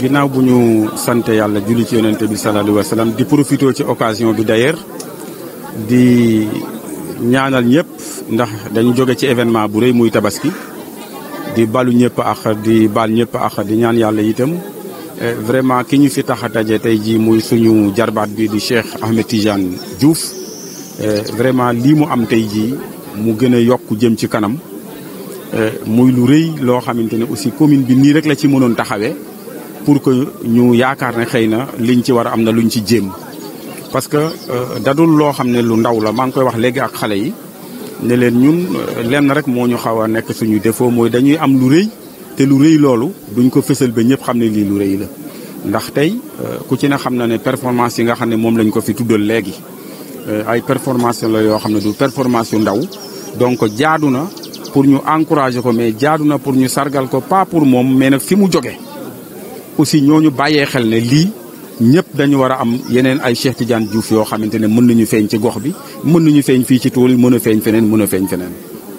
ginnaaw bu ñu sant yàlla julli ci yonente bi sallallahu alayhi wa sallam di profité ci occasion bi d'ailleurs di ñaanal ñëpp ndax dañu jóge ci événement bu rëy muy tabaski di balu ñëpp ak di bal ñëpp ak di ñaan yàlla itam eh, vraiment ki ñu fi tax a daje tey jii muy suñu jarbaat bi di Cheikh Ahmed Tidiane Diouf eh, vraiment lii mu am tey jii mu gën a yokk jëm ci kanam eh, muy lu rëy loo xamante ne aussi commune bi nii rek la ci mënoon taxawee pour que ñu yaakaar ne xëy na liñ ci war a am na luñ ci jéem parce que euh, dadul loo xam ne lu ndaw la maa ngi koy wax léegi ak xale yi ne leen ñun euh, lenn rek moo ñu xaw a nekk suñu défaut mooy dañuy am lu rëy te lu rëy loolu duñ ko fësal ba ñëpp xam ne lii lu rëy la ndax tey euh, ku ci ne xam na ne performance yi nga xam ne moom lañ ko fi tuddal léegi ay performance la yoo xam ne du performance yu ndaw donc jaadu na pour ñu encourager ko mais jaadu na pour ñu sargal ko pas pour moom mais nag fi mu jóge aussi ñoo ñu bàyyee xel ne lii ñëpp dañu war a am yeneen ay Cheikh Tidiane Diouf yoo xamante ne mën nañu feeñ ci gox bi mën nañu feeñ fii ci tool yi mën a feeñ feneen mën a feeñ feneen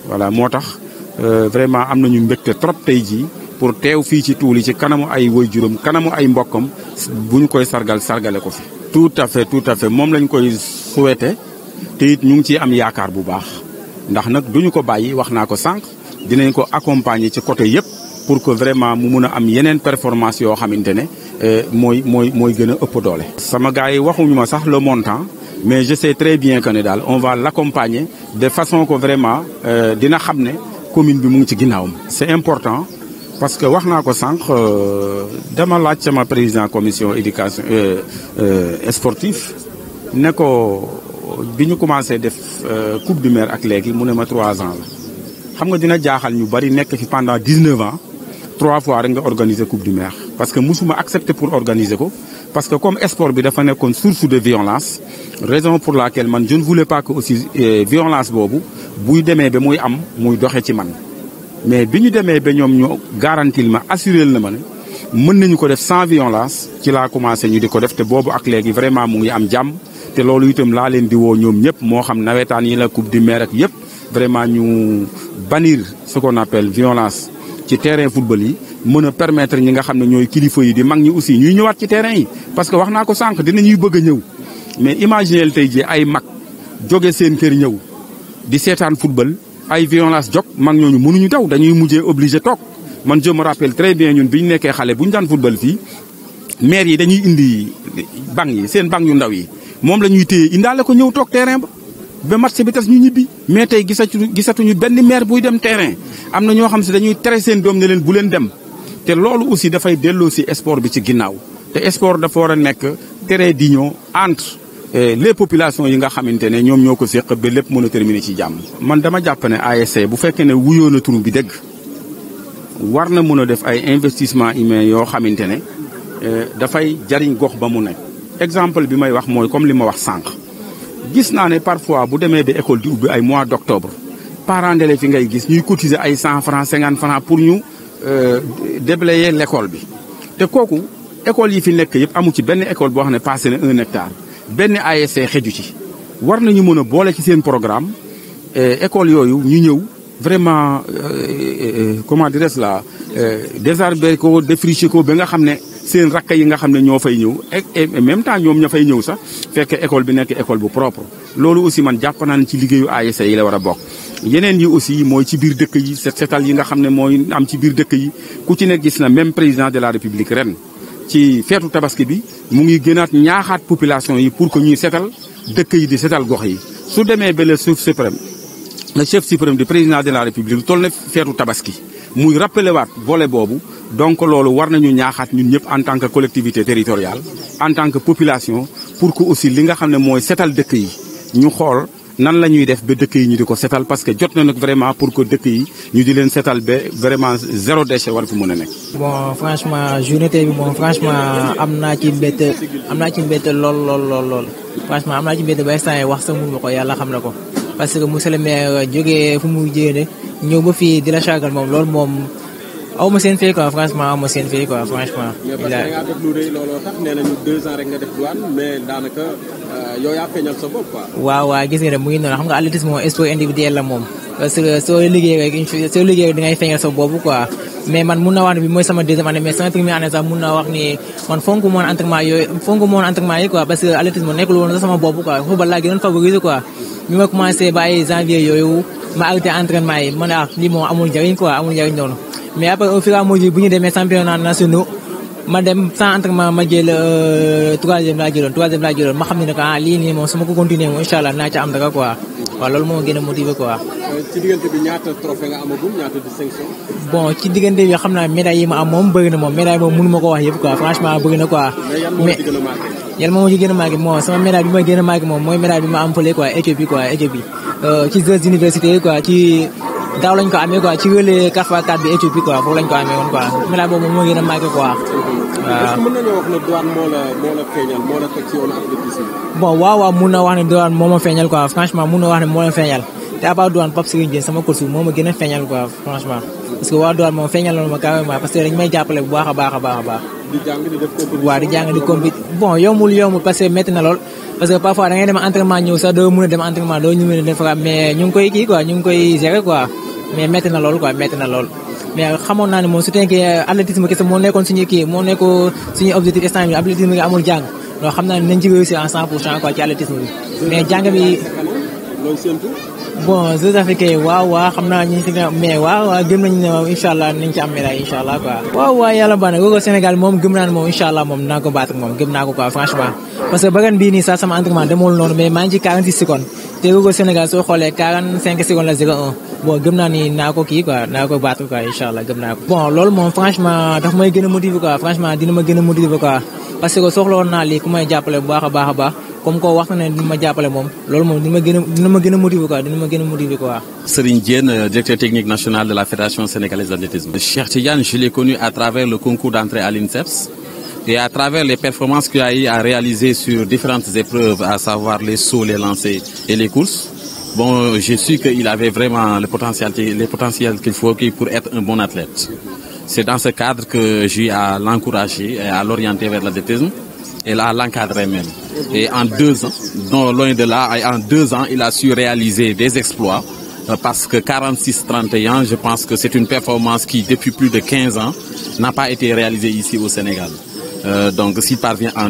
voilà moo tax euh, vraiment am na nañu mbégte trop tey jii pour teew fii ci tool yi ci kanamu ay waajuram kanamu ay mbokkam bu ñu koy sargal sargale ko fi tout à fait tout à fait moom lañ koy souhaité te it ñu ngi ciy am yaakaar bu baax ndax nag duñu ko bàyyi wax naa ko sànq dinañ ko accompagner ci côté yëpp pour que vraiment mu mun a am yeneen performance yoo xamante ne euh, mooy mooy mooy gën a ëpp doole. sama gars yi waxuñu ma sax le montant mais je sais très bien que ne daal on la l'accompagner de façon ko vraiment euh, dina xam ne commune bi mu ngi ci ginnaawam. c'est important parce que wax naa ko sànq euh, dama laaj sama président commission éducation sportive ne ko bi ñu commencé def coupe du maire ak léegi mu ne ma trois ans la xam nga dina jaaxal ñu bari nekk fi pendant trois fois rek nga organiser coupe du maire parce que musuma accepter pour organiser ko parce que comme sport bi dafa nekkoon source de violence raison pour la laquelle man je ne voulais pas que aussi euh, violence boobu buy demee ba muy am muy doxe ci man mais bi ñu demee ba ñoom ñoo garantil ma assuré na ma ne mën nañu ko def sans violence ci laa commencé ñu di ko def te boobu ak léegi vraiment mu ngi am jàmm te loolu itam laa leen di woo ñoom ñëpp moo xam nawetaan yi la coupe du maire ak yëpp vraiment ñu bannir ce qu'on appelle ci terrain football yi mën a permettre ñi nga xam ne ñooy kilifa yi di mag ñi aussi ñuy ñëwaat ci terrain yi. parce que wax naa ko sànq dinañuy bëgg a ñëw mais imagineel tey ji ay mag joge seen kër ñëw di seetaan football ay vionage jog mag ñooñu mënuñu daw dañuy mujje obligé toog man je rappelle très bien ñun bi ñu nekkee xale bu ñu daan football fii maire yi dañuy indi banc yi seen banc yu ndaw yi moom la ñuy téye indaale ko ñëw toog terrain ba. ba match bi tas ñu ñibbi. mais tey gisatu gisatuñu benn maire buy dem terrain am na ñoo xam si dañuy tere seen doom ne leen bu leen dem te loolu aussi dafay delloo si sport bi ci ginnaaw te sport dafa war a nekk terrain d'union entre eh, les populations yi nga xamante ne ñoom ñoo ko séq ba lépp mën a terminer ci jàmm. man dama jàpp ne ASC bu fekkee ne wuyoo na turu bi dëgg war na mën a def ay investissement humain yoo xamante ne eh, dafay jariñ gox ba mu nekk exemple bi may wax mooy comme li ma wax sànq. gis naa ne parfois bu demee ba école di ubbi ay mois d' octobre parents d'élèves fi ngay gis ñuy cotiser ay cent franc cinquante franc pour ñu euh, déblayer l' bi te kooku école yi fi nekk yëpp amu ci benn école boo xam ne passé na un hectare benn ASC xeju ci war nañu mën a boole ci seen programme euh, école yooyu ñu ñëw vraiment euh, comment dirais-je là désherber ko défricher ko ba nga xam ne seen rakk yi nga xam ne ñoo fay ñëw et même temps ñoom ña fay ñëw sax fekk école bi nekk école bu propre loolu aussi man jàpp naa ne ci liggéeyu ASC yi la war a bokk yeneen yi aussi mooy ci biir dëkk yi set setal yi nga xam ne mooy am ci biir dëkk yi ku ci nekk gis na même président de la république ren ci feetu tabaski bi mu ngi gënaat ñaaxaat population yi pour que ñuy setal dëkk yi di setal gox yi su demee ba le chef suprême le chef suprême du président de la république toll na feetu tabaski muy rappelé waat boobu donc loolu war nañu ñaaxaat ñun ñëpp en tant que collectivité territoriale en tant que population pour que aussi li nga xam ne mooy setal dëkk yi ñu xool nan la ñuy def ba dëkk yi ñu di ko setal parce que jot na nag vraiment pour que dëkk yi ñu di leen setal ba vraiment zéro déchet war fi mu a nekk. bon franchement journée tey bi bon franchement am naa ci mbette am naa ci mbette lool lool lool lool franchement am naa ci mbette ba instant wax sa mun ma ko yàlla xam na ko parce que mu jéene ñëw ba fii di moom loolu moom. aw ma seen fay quoi franchement aw ma seen fay quoi franchement. mais parce que nga def lu rëy looloo tax nee nañu deux ans rek nga def douane mais daanaka euh, yow yaa feeñal sa bopp quoi. waaw waaw gis nga de mu ngi noonu xam nga athlétisme moom sport individuel la moom. parce que soo liggéey rek soo liggéey rek dangay feeñal sa bopp quoi mais man mun na wax ne bi mooy sama deuxième année mais sama première année sax mun naa wax ni man fonk moon entraînement yooyu fonk moon entraînement yi quoi parce que athlétisme moom nekkul woon sax sama bopp quoi football laa gënoon favoriser quoi bi ma commencé ba ay janvier yooyu ma arrêté entraînement yi man ah lii moom amul njariñ quoi amul njariñ noonu mais après au fur et à bu ñu demee championnat nationaux ma dem sans entraînement ma jël euh, troisième laa jëloon troisième laa jëloon ma xam ne na que ah lii nii moom su ma ko continuer moom incha allah naa ca am dara quoi waaw loolu moo gën a motiver quoi. ci diggante bon ci diggante bi xam naa médaille moom bëri na moom médaille moom mënu ma ko wax yëpp quoi franchement bëri na quoi. mais yan ci gën a marqué moom sama médaille bi ma gën a moom mooy médaille bi ma daaw lañ ko amee quoi ci relais 4x4 bi étude bi quoi foofu lañ ko amee woon quoi médaille boobu moo gën a marqué quoi. waaw est-ce que mën nañoo wax ne Douane moo la moo la feeñal moo la teg ci yoonu athlétisme. bon waaw waaw mun na wax ne Douane moo ma feeñal quoi franchement mun na wax ne moo la feeñal te à part Douane Pape Serigne Dieng sama course bi moo ma gën a feeñal quoi franchement. parce que waa Douane moom feeñal na ma carrément parce que dañ may jàppale bu baax a baax a baax a baax. di jàng di def compétition waaw di jàng di compét bon yombul yombul parce que métti na lool parce que parfois da ngay dem entraînement ñëw sax doo mën a dem entraînement doo ñu mën a def mais ñu ngi koy kii quoi ñu ngi koy gérer quoi mais métti na lool quoi métti na lool. mais xamoon naa ne moom su fekkee athlétisme kese moo nekkoon suñu kii moo nekkoon suñu objectif instant bi athlétisme gi amul jàng xam naa nañ ci réussir en 100 bi. mais jàng bi bon Jeux africains waaw waaw xam naa ñu si mais waaw waaw gëm nañu ne incha allah nañ ci am médaille incha allah quoi. waaw yàlla baax na Sénégal moom gëm naa ne moom incha allah moom naa ko battre moom gëm naa ko quoi franchement. parce que bëgën bii nii sax sama entraînement bon gëm naa ni naa ko kii quoi naa ko battre quoi incha allah gëm naa ko. bon loolu moom franchement daf may gën a motiver quoi franchement dina ma gën a motiver quoi parce que soxla lii ku may jàppale bu baax a baax a baax comme ko wax na ne dina ma jàppale moom loolu moom dina ma gën a dina ma a motiver quoi dina ma gën a motiver quoi. Serigne Diène directeur technique national de la fédération sénégalaise d'athlétisme. Cheikh Tidiane je connu à travers le concours d'entrée à l'INSEPS. et à travers les Bon, euh, j'ai su qu'il avait vraiment le potentiel, les potentiels qu'il faut pour être un bon athlète. C'est dans que j'ai à l'encourager et à l'orienter vers l'athlétisme et même. en deux de là, en deux ans, réaliser des exploits euh, parce que 46-31, je pense que c'est une performance qui, depuis plus de 15 ans, n'a pas été réalisée ici au Sénégal. Euh, donc s'il parvient en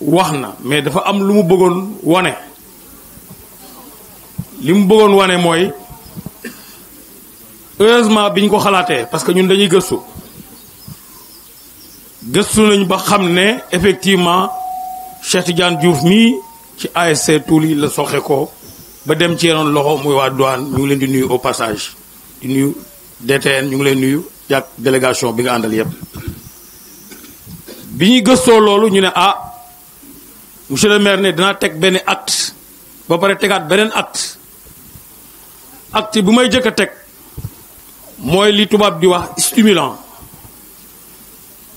wax na mais dafa am lu mu bëggoon wane li mu bëggoon wane mooy heureusement bi ñu ko xalaatee parce que ñun dañuy gëstu gëstu nañ ba xam ne effectivement Cheikh Tidiane Diouf mii ci ASC Touli la soxe ko ba dem ci yenoon loxo muy waa douane ñu ngi leen di nuyu au passage di nuyu DTN ñu ngi leen nuyu yàgg délégation bi nga àndal yépp bi ñuy gëstoo loolu ñu ne ah monsieur le maire ne dinaa teg benni acte ba pare tegaat beneen acte acte bu may jëkk a teg mooy li tubaab di wax stimulant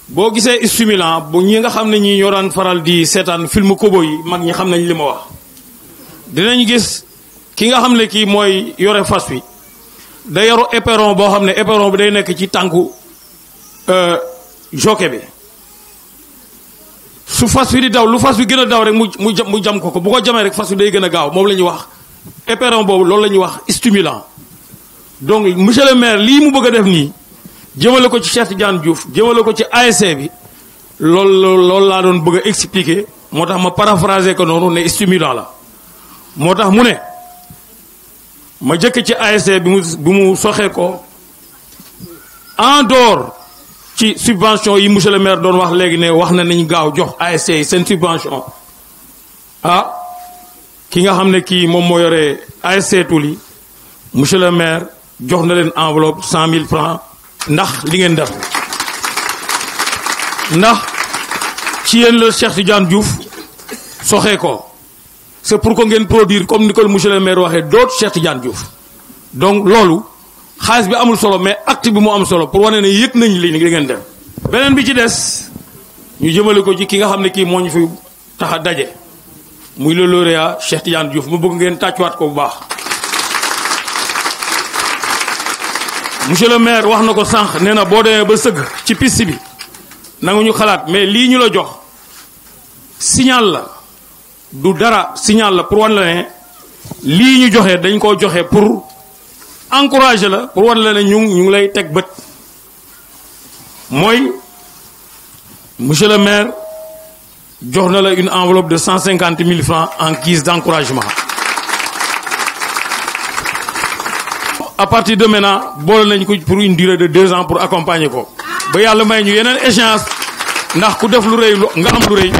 boo gisee stimulant bu ñi nga xam ne ñi ñoo daan faral di seetaan film kobo yi mag ñi xam nañ li ma wax dinañu gis ki nga xam ne kii mooy yore fas wi da yaru éperon boo xam ne éperon bi day nekk ci tànku euh, joke bi su fas wi di daw lu fas wi gën a daw rek mu mu mu jam ko ko bu ko jamee rek fas wi day gën a gaaw moom la wax éperon boobu loolu la wax stimulant donc monsieur le maire lii mu bëgg a def nii jëmale ko ci Cheikh Tidiane Diouf jëmale ko ci ASC bi loolu loolu laa doon bëgg a moo tax ma paraphraser ko noonu ne stimulant la moo tax mu ne ma jëkk ci ASC bi mu bi mu soxee ko en door ci subvention yi monsieur le maire doon wax léegi ne wax na nañ gaaw jox ASC yi seen subvention ah ki nga xam ne kii moom moo yore ASC Tuli monsieur le maire jox na leen enveloppe cent mille francs ndax li ngeen def ndax ci yéen la Cheikh jaan Diouf soxee ko c'est pour que ngeen produir comme ni ko monsieur le maire waxee d'autres Cheikh Tidiane Diouf donc loolu xaalis bi amul solo mais acte bi mu am solo pour wane na yëg nañ li li ngeen dem beneen bi ci des ñu jëmale ko ci ki nga xam ne kii moo ñu fi tax a daje muy le lauréat Cheikh Tidiane Diouf mu bëgg ngeen tàccuwaat ko bu baax. monsieur le maire wax na ko sànq nee na boo demee ba sëgg ci piste bi nangu ñu xalaat mais lii ñu la jox signal la du dara signal la pour wan la ne lii ñu joxe dañ koo joxe pour. encouragé la pour war la ne ñu ñu ngi lay teg bët mooy monsieur le maire jox na la une enveloppe de cent cinquante mille francs en guise d'encouragement à partir de maintenant boole nañ ko pour une durée de deux ans pour accompagner ko ba yàlla may ñu yeneen échéance ndax ku def lu rëy nga am lu rëy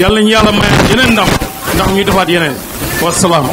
yàlla nañu yàlla may yeneen ndam ndax ñuy defaat yeneen wasalaam